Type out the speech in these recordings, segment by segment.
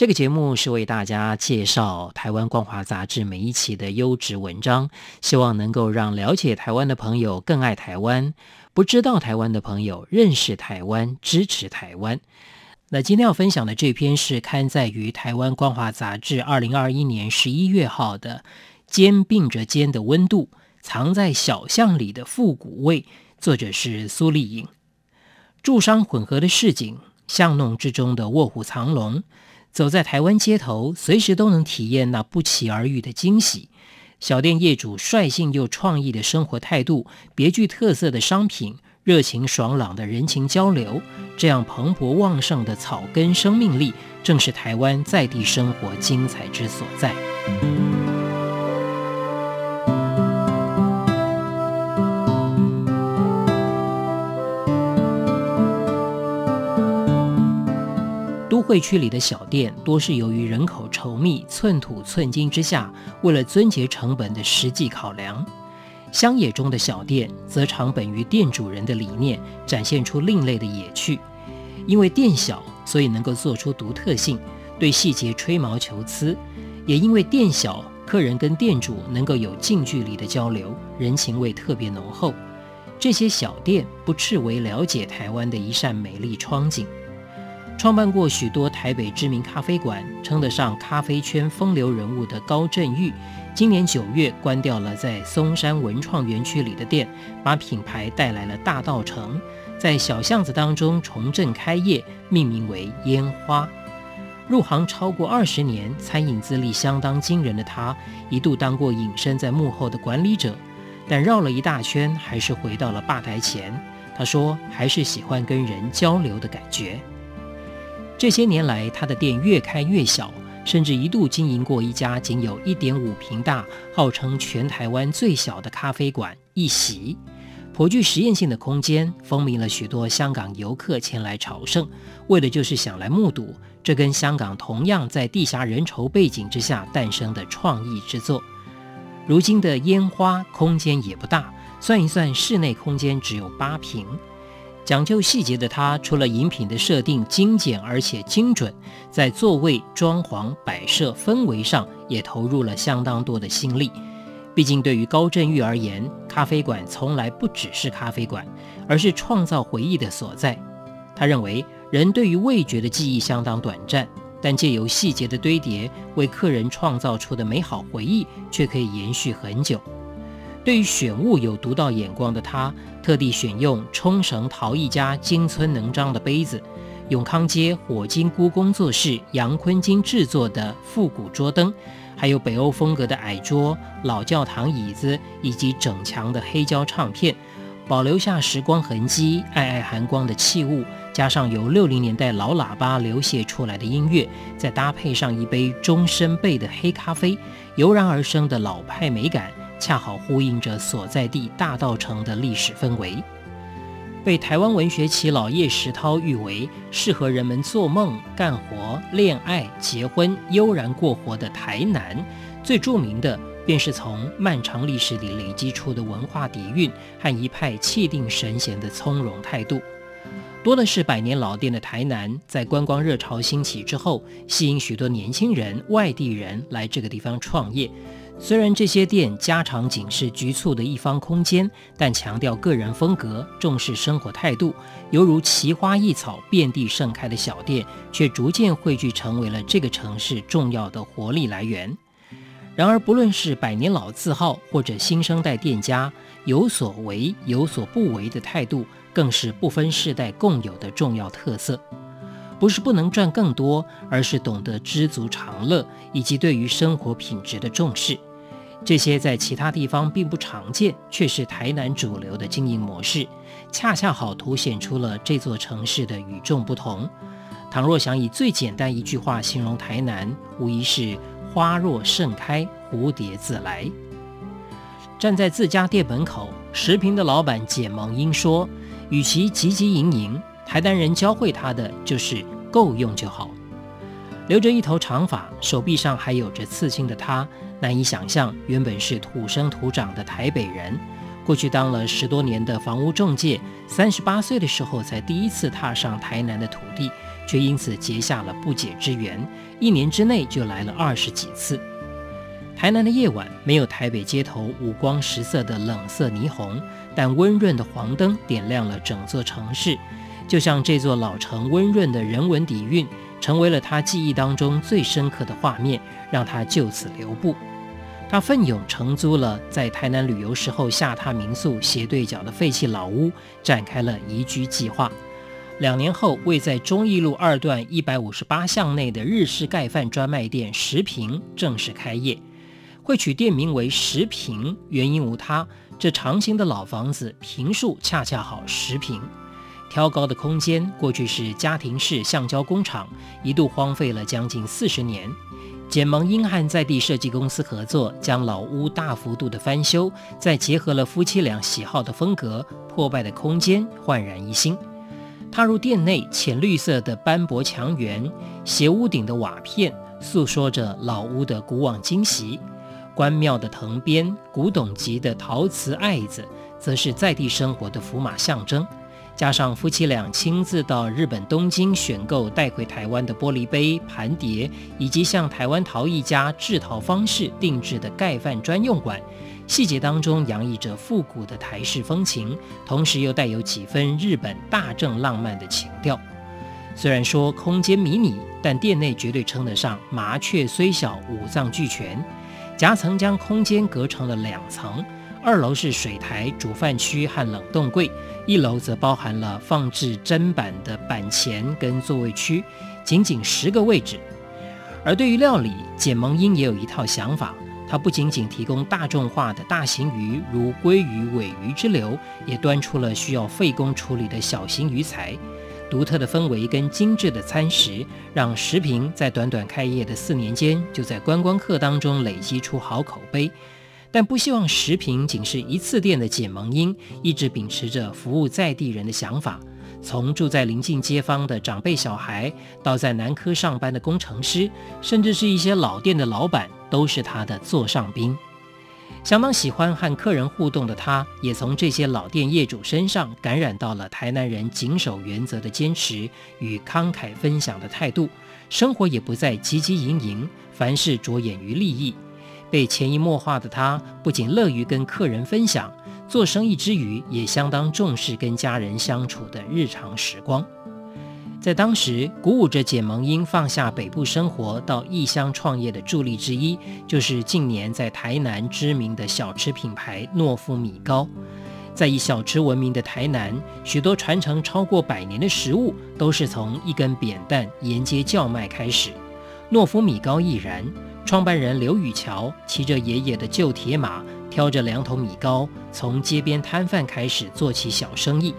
這個節目是為大家介紹台灣光華雜誌每一期的優質文章，希望能夠讓了解台灣的朋友更愛台灣，不知道台灣的朋友認識台灣，支持台灣。那今天要分享的這篇是刊載於台灣光華雜誌二零二一年十一月號的《肩並着肩的溫度，藏在小巷裡的復古味》，作者是蘇俐穎。住商混合的市井巷弄之中的臥虎藏龍。走在台灣街頭，隨時都能體驗那不期而遇的驚喜。小店業主率性又創意的生活態度，別具特色的商品，熱情爽朗的人情交流，這樣蓬勃旺盛的草根生命力，正是台灣在地生活精彩之所在。會區裡的小店多是由於人口稠密、寸土寸金之下，為了撙節成本的實際考量，鄉野中的小店則常本於店主人的理念，展現出另類的野趣。因為店小，所以能夠做出獨特性，對細節吹毛求疵，也因為店小，客人跟店主能夠有近距離的交流，人情味特別濃厚。這些小店不啻為了解台灣的一扇美麗窗景。創辦過許多台北知名咖啡館，稱得上咖啡圈風流人物的高振玉，今年九月關掉了在松山文創園區裡的店，把品牌帶來了大稻埕，在小巷子當中重振開業，命名為“煙花”。入行超過二十年，餐飲資歷相當驚人的他，一度當過隱身在幕後的管理者，但繞了一大圈，還是回到了吧台前。他說：“還是喜歡跟人交流的感覺。”這些年來，他的店越開越小，甚至一度經營過一家僅有一點五平大、號稱全台灣最小的咖啡館——一席，頗具實驗性的空間，風靡了許多香港遊客前來朝聖，為的就是想來目睹這跟香港同樣在地下人稠背景之下誕生的創意之作。如今的煙花空間也不大，算一算，室內空間只有八平。講究細節的他，除了飲品的設定精簡而且精準，在座位、裝潢、擺設、氛圍上也投入了相當多的心力。畢竟對於高振玉而言，咖啡館從來不只是咖啡館，而是創造回憶的所在。他認為，人對於味覺的記憶相當短暫，但借由細節的堆疊，為客人創造出的美好回憶卻可以延續很久。對於選物有獨到眼光的他，特地選用沖繩陶藝家金村能章的杯子，永康街火金姑工作室楊坤金製作的復古桌燈，還有北歐風格的矮桌、老教堂椅子以及整牆的黑膠唱片，保留下時光痕跡、曖曖含光的器物，加上由六零年代老喇叭流瀉出來的音樂，再搭配上一杯終身杯的黑咖啡，油然而生的老派美感。恰好呼應着所在地大道城的歷史氛圍，被台灣文學耆老葉石濤譽為適合人們做夢、幹活、戀愛、結婚、悠然過活的台南，最著名的便是從漫長歷史裡累積出的文化底蘊和一派氣定神閒的從容態度。多的是百年老店的台南，在觀光熱潮興起之後，吸引許多年輕人、外地人來這個地方創業。雖然這些店家常僅是局促的一方空間，但強調個人風格、重視生活態度，猶如奇花異草遍地盛開的小店，卻逐漸匯聚成為了這個城市重要的活力來源。然而，不論是百年老字號或者新生代店家，有所為有所不為的態度，更是不分世代共有的重要特色。不是不能賺更多，而是懂得知足常樂，以及對於生活品質的重視。這些在其他地方並不常見，卻是台南主流的經營模式，恰恰好凸顯出了這座城市的與眾不同。倘若想以最簡單一句話形容台南，無疑是“花若盛開，蝴蝶自來”。站在自家店門口，食評的老闆簡芒英說：“與其汲汲營營，台南人教會他的就是夠用就好。”留着一頭長髮，手臂上還有着刺青的他，難以想象，原本是土生土長的台北人，過去當了十多年的房屋仲介，三十八歲的時候才第一次踏上台南的土地，卻因此結下了不解之緣，一年之內就來了二十幾次。台南的夜晚沒有台北街頭五光十色的冷色霓虹，但溫潤的黃燈點亮了整座城市，就像這座老城溫潤的人文底蘊。成為了他記憶當中最深刻的畫面，讓他就此留步。他奮勇承租了在台南旅遊時候下榻民宿斜對角的廢棄老屋，展開了移居計劃。兩年後，位在忠義路二段一百五十八巷內的日式蓋飯專賣店十平正式開業。會取店名為十平，原因無他，這長形的老房子平數恰恰好十平。挑高的空間，過去是家庭式橡膠工廠，一度荒廢了將近四十年。簡蒙英漢在地設計公司合作，將老屋大幅度的翻修，再結合了夫妻倆喜好的風格，破敗的空間煥然一新。踏入店內，淺綠色的斑駁牆垣、斜屋頂的瓦片，訴說着老屋的古往今昔。關廟的藤編、古董級的陶瓷艾子，則是在地生活的符碼象徵。加上夫妻倆親自到日本東京選購帶回台灣的玻璃杯、盤碟，以及向台灣陶藝家制陶方式定制的蓋飯專用碗，細節當中洋溢着復古的台式風情，同時又帶有幾分日本大正浪漫的情調。雖然說空間迷你，但店內絕對稱得上麻雀雖小五臟俱全，夾層將空間隔成了兩層。二樓是水台、煮飯區和冷凍櫃，一樓則包含了放置砧板的板前跟座位區，僅僅十個位置。而對於料理，簡蒙英也有一套想法。它不僅僅提供大眾化的大型魚，如鮭魚、鮪魚之流，也端出了需要費工處理的小型魚材。獨特的氛圍跟精致的餐食，讓食評在短短開業的四年間，就在觀光客當中累積出好口碑。但不希望食品僅是一次店的簡蒙茵，一直秉持着服務在地人的想法，從住在鄰近街坊的長輩小孩，到在南科上班的工程師，甚至是一些老店的老闆，都是他的座上賓。相當喜歡和客人互動的他，也從這些老店業主身上感染到了台南人謹守原則的堅持與慷慨分享的態度，生活也不再汲汲營營，凡事着眼於利益。被潛移默化的他，不僅樂於跟客人分享做生意之餘，也相當重視跟家人相處的日常時光。在當時，鼓舞着簡萌英放下北部生活到異鄉創業的助力之一，就是近年在台南知名的小吃品牌諾夫米糕。在以小吃聞名的台南，許多傳承超過百年的食物都是從一根扁擔沿街叫賣開始，諾夫米糕亦然。創辦人劉宇喬騎着爺爺的舊鐵馬，挑着兩頭米糕，從街邊攤販開始做起小生意。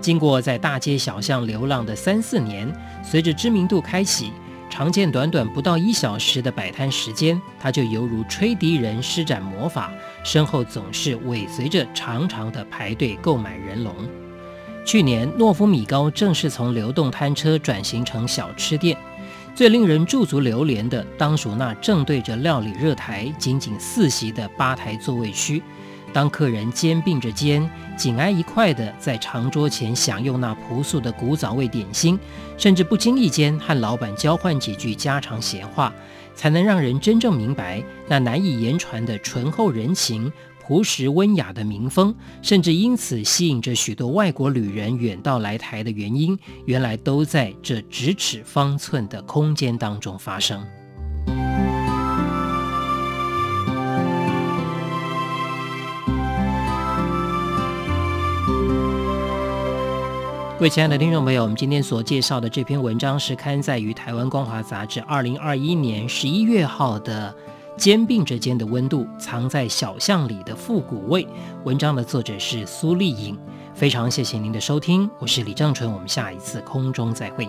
經過在大街小巷流浪的三四年，隨着知名度開啟，常見短短不到一小時的擺攤時間，他就猶如吹笛人施展魔法，身後總是尾隨着長長的排隊購買人龍。去年，糯夫米糕正式從流動攤車轉型成小吃店。最令人駐足流連的，當屬那正對着料理熱台、僅僅四席的吧台座位區。當客人肩並着肩、緊挨一塊地在長桌前享用那樸素的古早味點心，甚至不經意間和老闆交換幾句家常閒話，才能讓人真正明白那難以言傳的醇厚人情。樸實溫雅的民風，甚至因此吸引着許多外國旅人遠道來台的原因，原來都在這咫尺方寸的空間當中發生。各位親愛的聽眾朋友，我們今天所介紹的這篇文章是刊載於《台灣光華雜誌》二零二一年十一月號的。肩並着肩的溫度，藏在小巷裡的復古味。文章的作者是蘇俐穎，非常謝謝您的收聽，我是李正春，我們下一次空中再會。